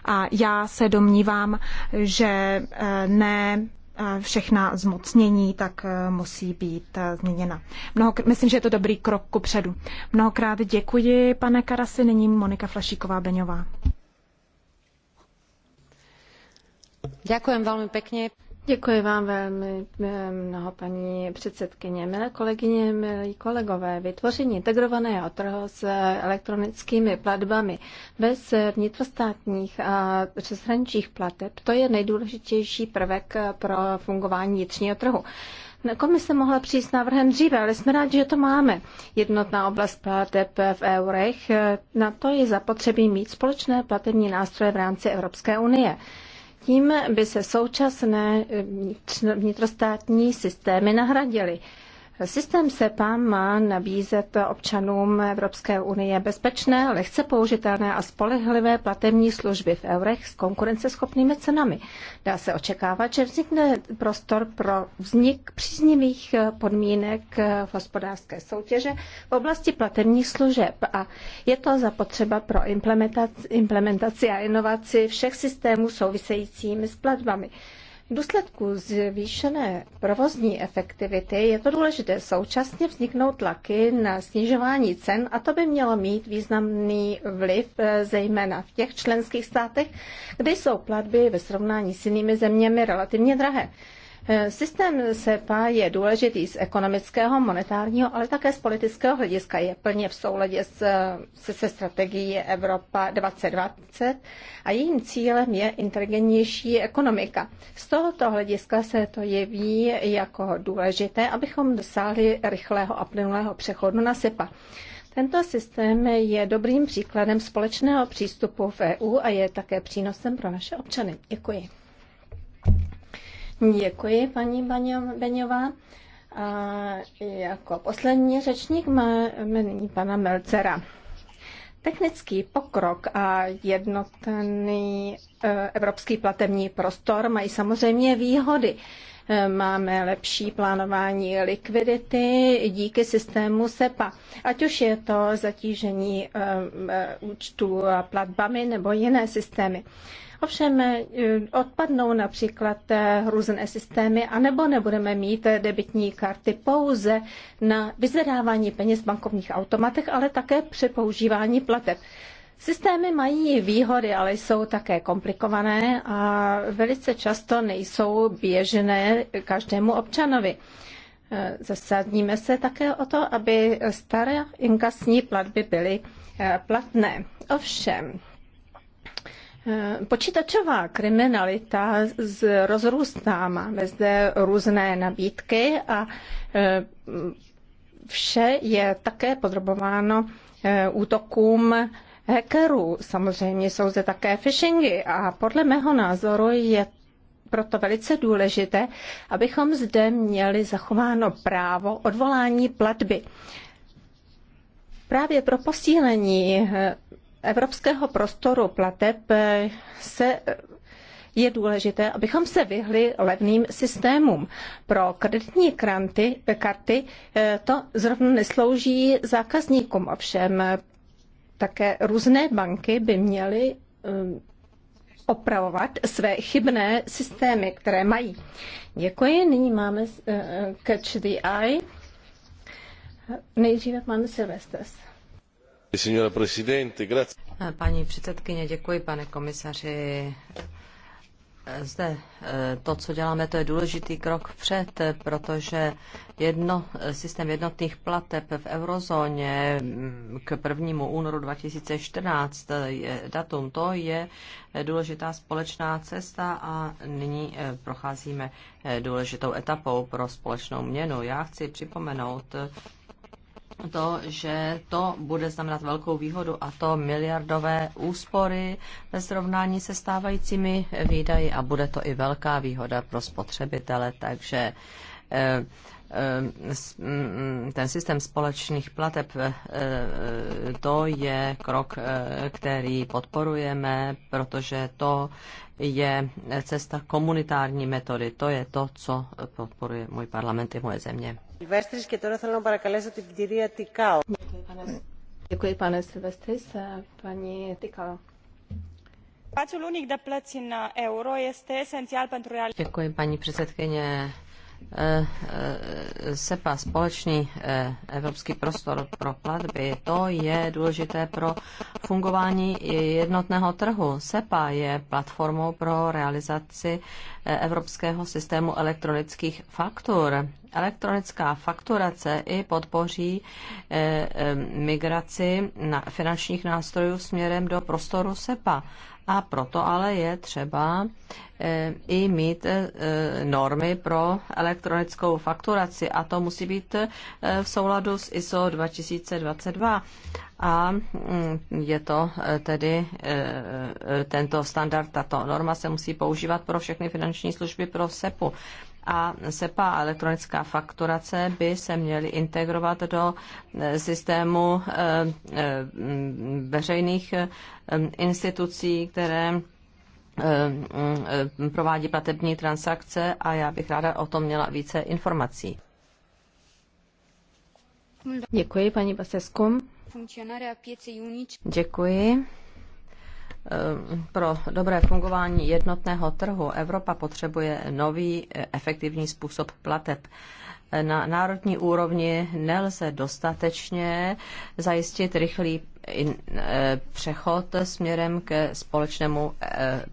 a já se domnívám, že eh, ne eh, všechna zmocnění, tak eh, musí být změněna. Mnohokrát, myslím, že je to dobrý krok ku předu. Mnohokrát děkuji, pane Karasi. Nyní Monika Flašíková-Beňová. Ďakujem veľmi pekne. Děkuji vám velmi eh, mnoho, paní předsedkyně. Milé kolegyně, milí kolegové, vytvoření integrovaného trhu s elektronickými platbami bez vnitrostátních a přeshraničních plateb, to je nejdůležitější prvek eh, pro fungování vnitřního trhu. Komise mohla přijít s návrhem dříve, ale jsme rádi, že to máme. Jednotná oblast plateb v eurech, eh, na to je zapotřebí mít společné platební nástroje v rámci Evropské unie. Tím by se současné vnitrostátní systémy nahradily. Systém SEPA má nabízet občanům Evropské unie bezpečné, lehce použitelné a spolehlivé platební služby v eurech s konkurenceschopnými cenami. Dá se očekávat, že vznikne prostor pro vznik příznivých podmínek v hospodářské soutěže v oblasti platebních služeb a je to zapotřeba pro implementaci a inovaci všech systémů souvisejícími s platbami. V důsledku zvýšené provozní efektivity je to důležité současně vzniknou tlaky na snižování cen a to by mělo mít významný vliv eh, zejména v těch členských státech, kde jsou platby ve srovnání s jinými zeměmi relativně drahé. Eh, systém SEPA je důležitý z ekonomického, monetárního, ale také z politického hlediska. Je plně v souladě s, eh, se, se strategií Evropa 2020 a jejím cílem je inteligentnější ekonomika. Z tohoto hlediska se to jeví jako důležité, abychom dosáhli rychlého a plynulého přechodu na SEPA. Tento systém je dobrým příkladem společného přístupu v EU a je také přínosem pro naše občany. Děkuji. Děkuji, paní Beňová. A jako poslední řečník máme nyní pana Melcera. Technický pokrok a jednotný e, evropský platební prostor mají samozřejmě výhody. E, máme lepší plánování likvidity díky systému SEPA, ať už je to zatížení e, účtu platbami nebo jiné systémy. Ovšem e, odpadnou například e, různé systémy, anebo nebudeme mít debitní karty pouze na vyzvedávání peněz v bankovních automatech, ale také při používání plateb. Systémy mají výhody, ale jsou také komplikované a velice často nejsou běžné každému občanovi. E, zasadníme se také o to, aby staré inkasní platby byly platné. Ovšem, Eh, počítačová kriminalita rozrůstá. Máme zde různé nabídky a eh, vše je také podrobováno eh, útokům hackerů. Samozřejmě jsou zde také phishingy a podle mého názoru je proto velice důležité, abychom zde měli zachováno právo odvolání platby. Právě pro posílení evropského prostoru plateb eh, se eh, je důležité, abychom se vyhli levným systémům. Pro kreditní kranty, karty eh, to zrovna neslouží zákazníkům, ovšem také různé banky by měly opravovat své chybné systémy, které mají. Děkuji. Nyní máme Catch the Eye. Nejdříve máme Silvestres. Eh, eh, paní předsedkyně, děkuji, pane komisaři. Eh, zde to, co děláme, to je důležitý krok vpřed, protože jedno, systém jednotných plateb v eurozóně mm, k 1. únoru 2014 je, datum, to je důležitá společná cesta a nyní procházíme důležitou etapou pro společnou měnu. Já chci připomenout to, že to bude znamenat velkou výhodu a to miliardové úspory ve srovnání se stávajícími výdaji a bude to i velká výhoda pro spotřebitele, takže eh, eh, mm, ten systém společných plateb, eh, to je krok, který podporujeme, protože to je cesta komunitární metody. To je to, co podporuje můj parlament i moje země. Děkuji, pane Silvestris. Paní Spațiul unic de plăți în euro este esențial pentru realizarea... Eh, eh, SEPA, společný eh, evropský prostor pro platby, to je důležité pro fungování jednotného trhu. SEPA je platformou pro realizaci evropského systému elektronických faktur. Elektronická fakturace i podpoří migraci finančních nástrojů směrem do prostoru SEPA a proto ale je třeba eh, i mít eh, normy pro elektronickou fakturaci a to musí být eh, v souladu s ISO 2022. A mm, je to tedy tento standard, tato norma se musí používat pro všechny finanční služby pro SEPu a SEPA a elektronická fakturace by se měly integrovat do eh, systému eh, eh, veřejných institucí, které provádí platební transakce a já bych ráda o tom měla více informací. Děkuji, paní Baseskum. Děkuji. Ehm, pro dobré fungování jednotného trhu Evropa potřebuje nový e, efektivní způsob plateb. E, na národní úrovni nelze dostatečně zajistit rychlý e, přechod směrem ke společnému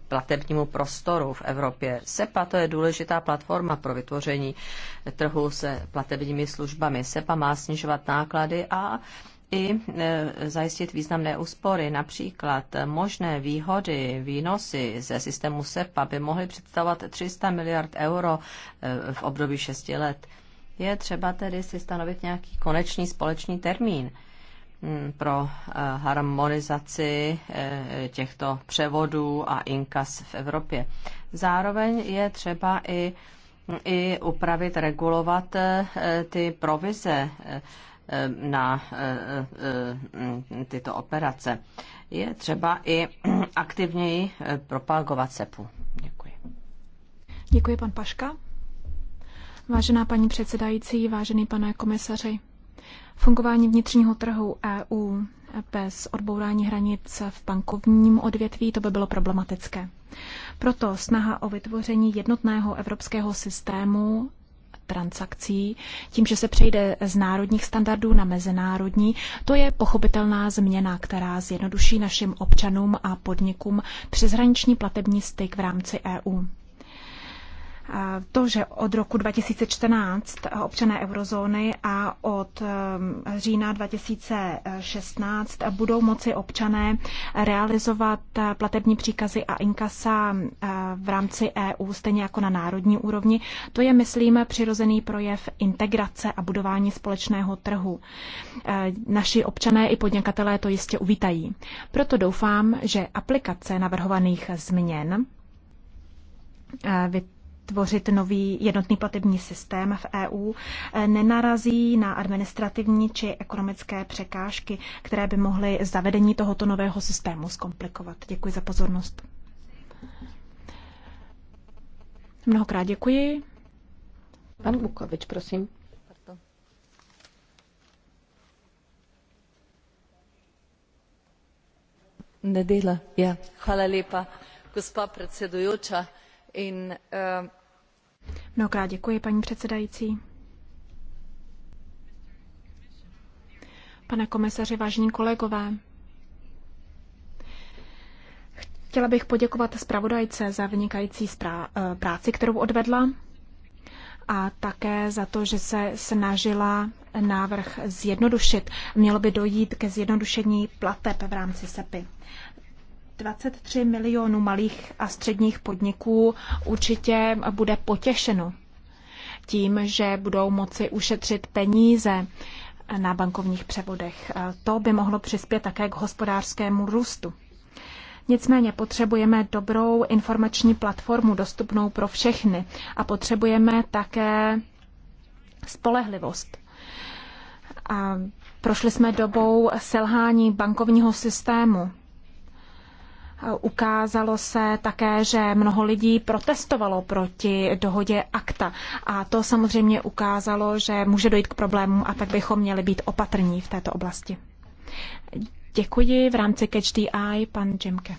platebnímu prostoru v Evropě. SEPA to je důležitá platforma pro vytvoření trhu se platebními službami. SEPA má snižovat náklady a i e, zajistit významné úspory. Například možné výhody, výnosy ze systému SEPA by mohly představovat 300 miliard euro e, v období 6 let. Je třeba tedy si stanovit nějaký konečný společný termín mm, pro e, harmonizaci těchto převodů a inkas v Evropě. Zároveň je třeba i, i upravit, regulovat ty provize Eh, na eh, eh, tyto operace. Je třeba i [CLEARS THROAT] aktivněji propagovat SEPu. Děkuji. Děkuji, pan Paška. Vážená paní předsedající, vážený pane komisaři, fungování vnitřního trhu EU bez odbourání hranic v bankovním odvětví, to by bylo problematické. Proto snaha o vytvoření jednotného evropského systému transakcí, tím, že se přejde z národních standardů na mezinárodní, to je pochopitelná změna, která zjednoduší našim občanům a podnikům přeshraniční platební styk v rámci EU. To, že od roku 2014 občané eurozóny a od ehm, října 2016 budou moci občané realizovat eh, platební příkazy a inkasa eh, v rámci EU, stejně jako na národní úrovni, to je, myslím, přirozený projev integrace a budování společného trhu. Eh, naši občané i podnikatelé to jistě uvítají. Proto doufám, že aplikace navrhovaných změn tvořit nový jednotný platební systém v EU, eh, nenarazí na administrativní či ekonomické překážky, které by mohly zavedení tohoto nového systému zkomplikovat. Děkuji za pozornost. Mnohokrát děkuji. Pan Bukovič, prosím. Nedela, ja. Hvala lepa, gospa predsedujoča Eh, Mnohokrát děkuji, paní předsedající. Pane komisaři, vážení kolegové, chtěla bych poděkovat zpravodajce za vynikající eh, práci, kterou odvedla a také za to, že se snažila návrh zjednodušit. Mělo by dojít ke zjednodušení plateb v rámci SEPy. 23 milionů malých a středních podniků určitě bude potěšeno tím, že budou moci ušetřit peníze na bankovních převodech. To by mohlo přispět také k hospodářskému růstu. Nicméně potřebujeme dobrou informační platformu dostupnou pro všechny a potřebujeme také spolehlivost. A prošli jsme dobou selhání bankovního systému Ukázalo se také, že mnoho lidí protestovalo proti dohodě akta a to samozřejmě ukázalo, že může dojít k problémům a tak bychom měli být opatrní v této oblasti. Děkuji v rámci Catch the Eye, pan Jimke.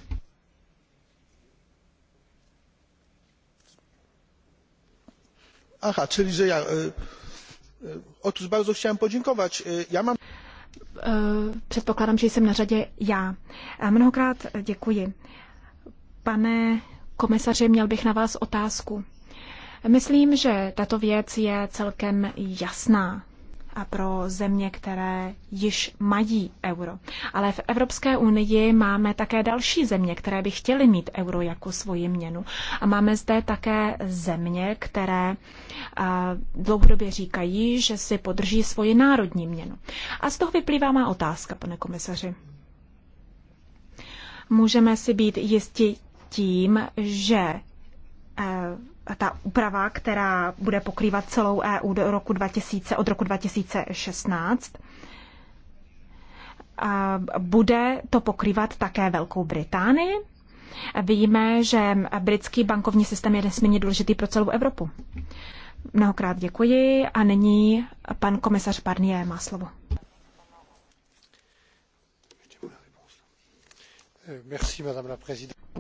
Aha, czyli że ja. E, e, otóż bardzo chciałem podziękować. E, ja mam. Eh, předpokládám, že jsem na řadě já. Eh, mnohokrát děkuji. Pane komisaři, měl bych na vás otázku. Myslím, že tato věc je celkem jasná. A pro země, které již mají euro. Ale v Evropské unii máme také další země, které by chtěly mít euro jako svoji měnu. A máme zde také země, které dlouhodobě říkají, že si podrží svoji národní měnu. A z toho vyplývá má otázka, pane komisaři. Můžeme si být jistí tím, že eh, ta úprava, která bude pokrývat celou EU do roku 2000, od roku 2016, bude to pokrývat také Velkou Británii. Víme, že britský bankovní systém je nesmírně důležitý pro celou Evropu. Mnohokrát děkuji a nyní pan komisař Barnier má slovo.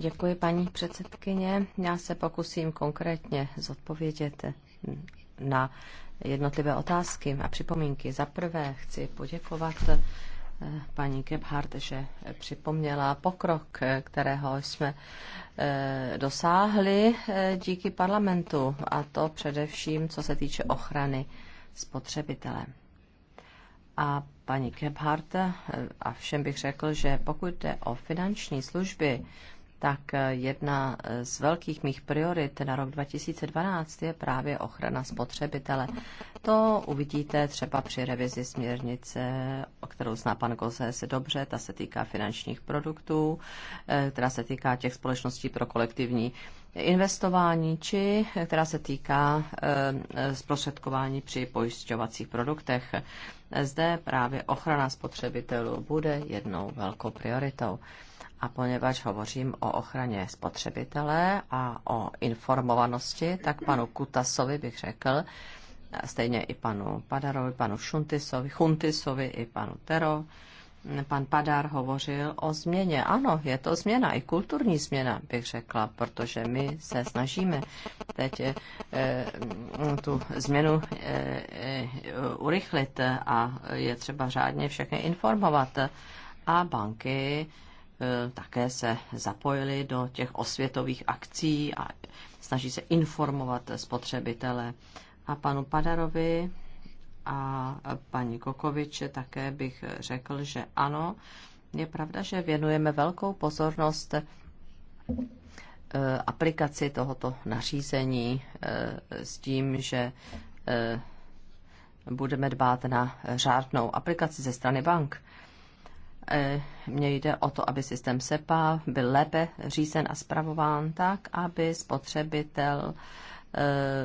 Děkuji, paní předsedkyně. Já se pokusím konkrétně zodpovědět na jednotlivé otázky a připomínky. Za prvé chci poděkovat eh, paní Gebhardt, že připomněla pokrok, kterého jsme eh, dosáhli eh, díky parlamentu, a to především co se týče ochrany spotřebitele a paní Kephart eh, a všem bych řekl, že pokud jde o finanční služby, tak eh, jedna eh, z velkých mých priorit na rok 2012 je právě ochrana spotřebitele. To uvidíte třeba při revizi směrnice, o kterou zná pan se dobře, ta se týká finančních produktů, která se týká těch společností pro kolektivní investování či která se týká eh, zprostředkování při pojišťovacích produktech. Zde právě ochrana spotřebitelů bude jednou velkou prioritou. A poněvadž hovořím o ochraně spotřebitele a o informovanosti, tak panu Kutasovi bych řekl, stejně i panu Padarovi, panu Šuntisovi, Chuntisovi i panu Tero, pan Padár hovořil o změně. Ano, je to změna, i kulturní změna, bych řekla, protože my se snažíme teď e, tu změnu e, urychlit a je třeba řádně všechny informovat. A banky také se zapojily do těch osvětových akcí a snaží se informovat spotřebitele. A panu Padarovi a paní Kokovič také bych řekl, že ano, je pravda, že věnujeme velkou pozornost eh, aplikaci tohoto nařízení eh, s tím, že eh, budeme dbát na řádnou aplikaci ze strany bank. Mně jde o to, aby systém SEPA byl lépe řízen a zpravován tak, aby spotřebitel Eh,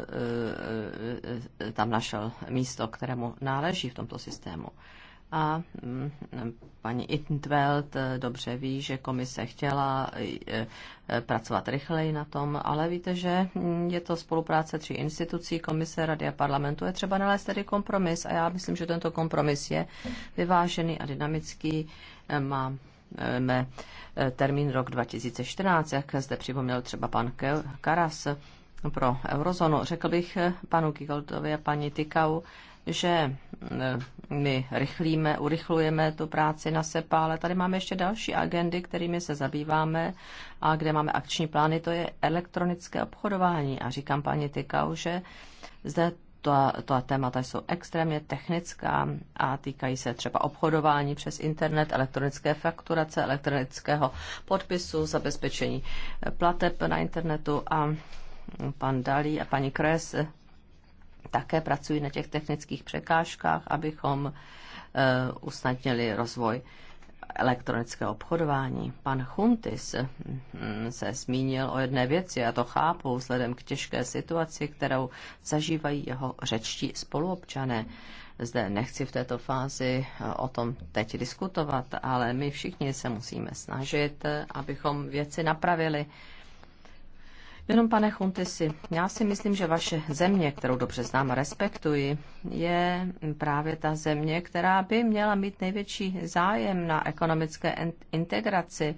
eh, eh, tam našel místo, kterému náleží v tomto systému. A mm, paní Intveld dobře ví, že komise chtěla pracovat rychleji na tom, ale víte, že mm, je to spolupráce tří institucí, komise, rady a parlamentu. Je třeba nalézt tedy kompromis a já myslím, že tento kompromis je vyvážený a dynamický. Má termín rok 2014, jak zde připomněl třeba pan Karas, pro eurozonu. Řekl bych panu Gigoldovi a paní Tikau, že eh, my rychlíme, urychlujeme tu práci na SEPA, ale tady máme ještě další agendy, kterými se zabýváme a kde máme akční plány, to je elektronické obchodování. A říkám paní Tykau, že zde to, to témata jsou extrémně technická a týkají se třeba obchodování přes internet, elektronické fakturace, elektronického podpisu, zabezpečení plateb na internetu a pan Dalí a paní Kres také pracují na těch technických překážkách, abychom eh, usnadnili rozvoj elektronického obchodování. Pan Chuntis hm, se zmínil o jedné věci, a to chápu, vzhledem k těžké situaci, kterou zažívají jeho řečtí spoluobčané. Zde nechci v této fázi eh, o tom teď diskutovat, ale my všichni se musíme snažit, eh, abychom věci napravili. Jenom pane Chuntesi, já si myslím, že vaše země, kterou dobře znám a respektuji, je právě ta země, která by měla mít největší zájem na ekonomické integraci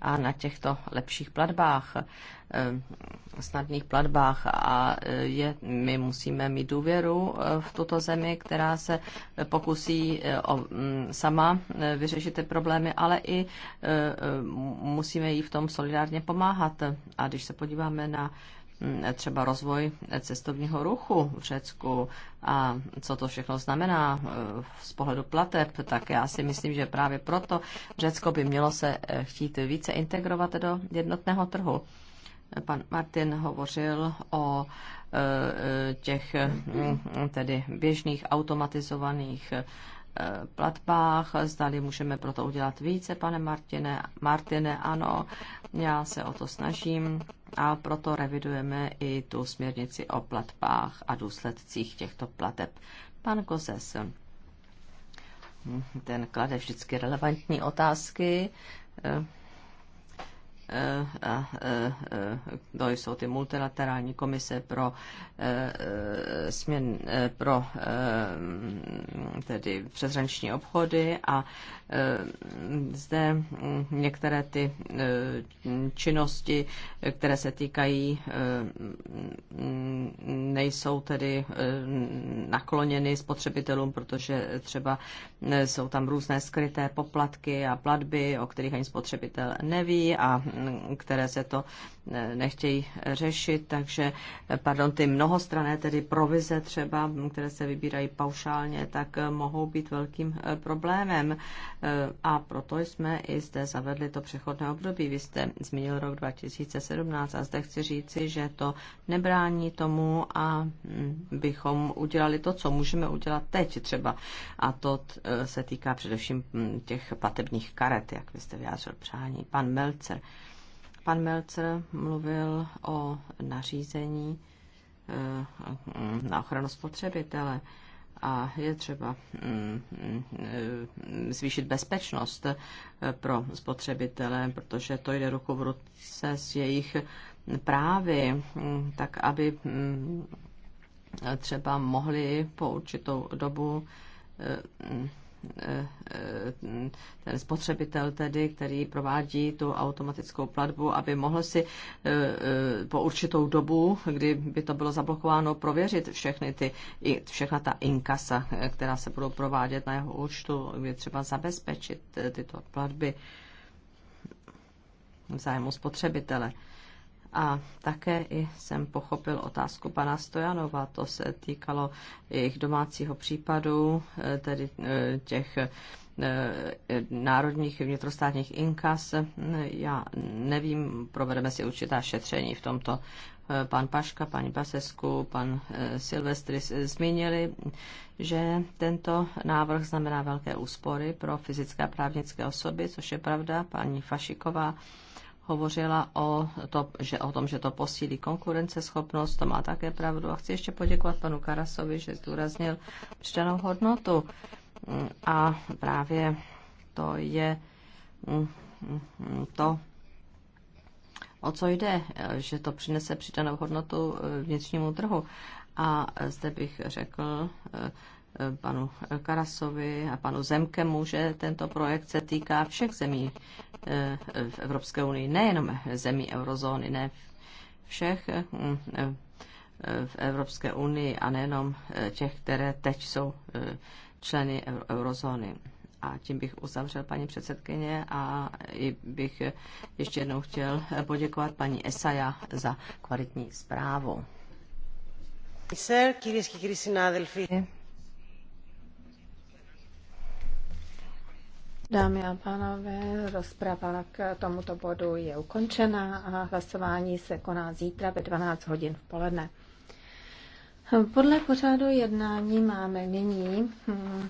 a na těchto lepších platbách. Eh, snadných platbách a eh, je, my musíme mít důvěru eh, v tuto zemi, která se pokusí o, mm, sama vyřešit ty problémy, ale i musíme jí v tom solidárně pomáhat. A když se podíváme na mm, třeba rozvoj cestovního ruchu v Řecku a co to všechno znamená z pohledu plateb, tak já si myslím, že právě proto Řecko by mělo se chtít více integrovat do jednotného trhu. Pan Martin hovořil o e, těch tedy běžných automatizovaných e, platbách, zdali můžeme proto udělat více, pane Martine. Martine, ano, já se o to snažím a proto revidujeme i tu směrnici o platbách a důsledcích těchto plateb. Pan Kozes, ten klade vždycky relevantní otázky e, Eh, eh, eh, to jsou ty multilaterální komise pro směn, pro tedy přezranční obchody a zde některé ty činnosti, které se týkají, nejsou tedy nakloněny spotřebitelům, protože třeba jsou tam různé skryté poplatky a platby, o kterých ani spotřebitel neví a které se to eh, nechtějí řešit, takže, eh, pardon, ty mnohostrané, tedy provize třeba, mm, které se vybírají paušálně, tak eh, mohou být velkým problémem. A proto jsme i zde zavedli to přechodné období. Vy jste zmínil rok 2017 a zde chci říci, že to nebrání tomu a mm, bychom udělali to, co můžeme udělat teď třeba. A to se týká především mm, těch platebních karet, jak vy jste vyjádřil přání. Pan Melcer. Pan Melcer mluvil o nařízení eh, na ochranu spotřebitele a je třeba mm, mm, zvýšit bezpečnost eh, pro spotřebitele, protože to jde ruku v ruce s jejich právy, mm, tak aby třeba mohli po určitou dobu eh, Eh, eh, ten spotřebitel tedy, který provádí tu automatickou platbu, aby mohl si eh, po určitou dobu, kdy by to bylo zablokováno, prověřit všechny ty, všechna ta inkasa, která se budou provádět na jeho účtu, je třeba zabezpečit tyto platby v zájmu spotřebitele. A také jsem pochopil otázku pana Stojanova. To se týkalo jejich domácího případu, eh, tedy eh, těch eh, národních vnitrostátních inkas. Já nevím, provedeme si určitá šetření v tomto. Pan Paška, paní Basesku, pan Silvestry zmínili, že tento návrh znamená velké úspory pro fyzické a právnické osoby, což je pravda. Paní Fašiková hovořila o, to, že, o tom, že to posílí konkurenceschopnost, to má také pravdu. A chci ještě poděkovat panu Karasovi, že zdůraznil přidanou hodnotu. A právě to je mm, mm, to, o co jde, že to přinese přidanou hodnotu vnitřnímu trhu. A zde bych řekl, panu Karasovi a panu Zemkemu, že tento projekt se týká všech zemí eh, v Evropské unii, nejenom zemí eurozóny, ne všech eh, v Evropské unii a nejenom eh, těch, které teď jsou členy eurozóny. A tím bych uzavřel paní předsedkyně a bych ještě jednou chtěl poděkovat paní Esaja za kvalitní zprávu. kyrisky, Dámy a pánové, rozprava k tomuto bodu je ukončena a hlasování se koná zítra ve 12 hodin v poledne. Podle pořádu jednání máme nyní hmm,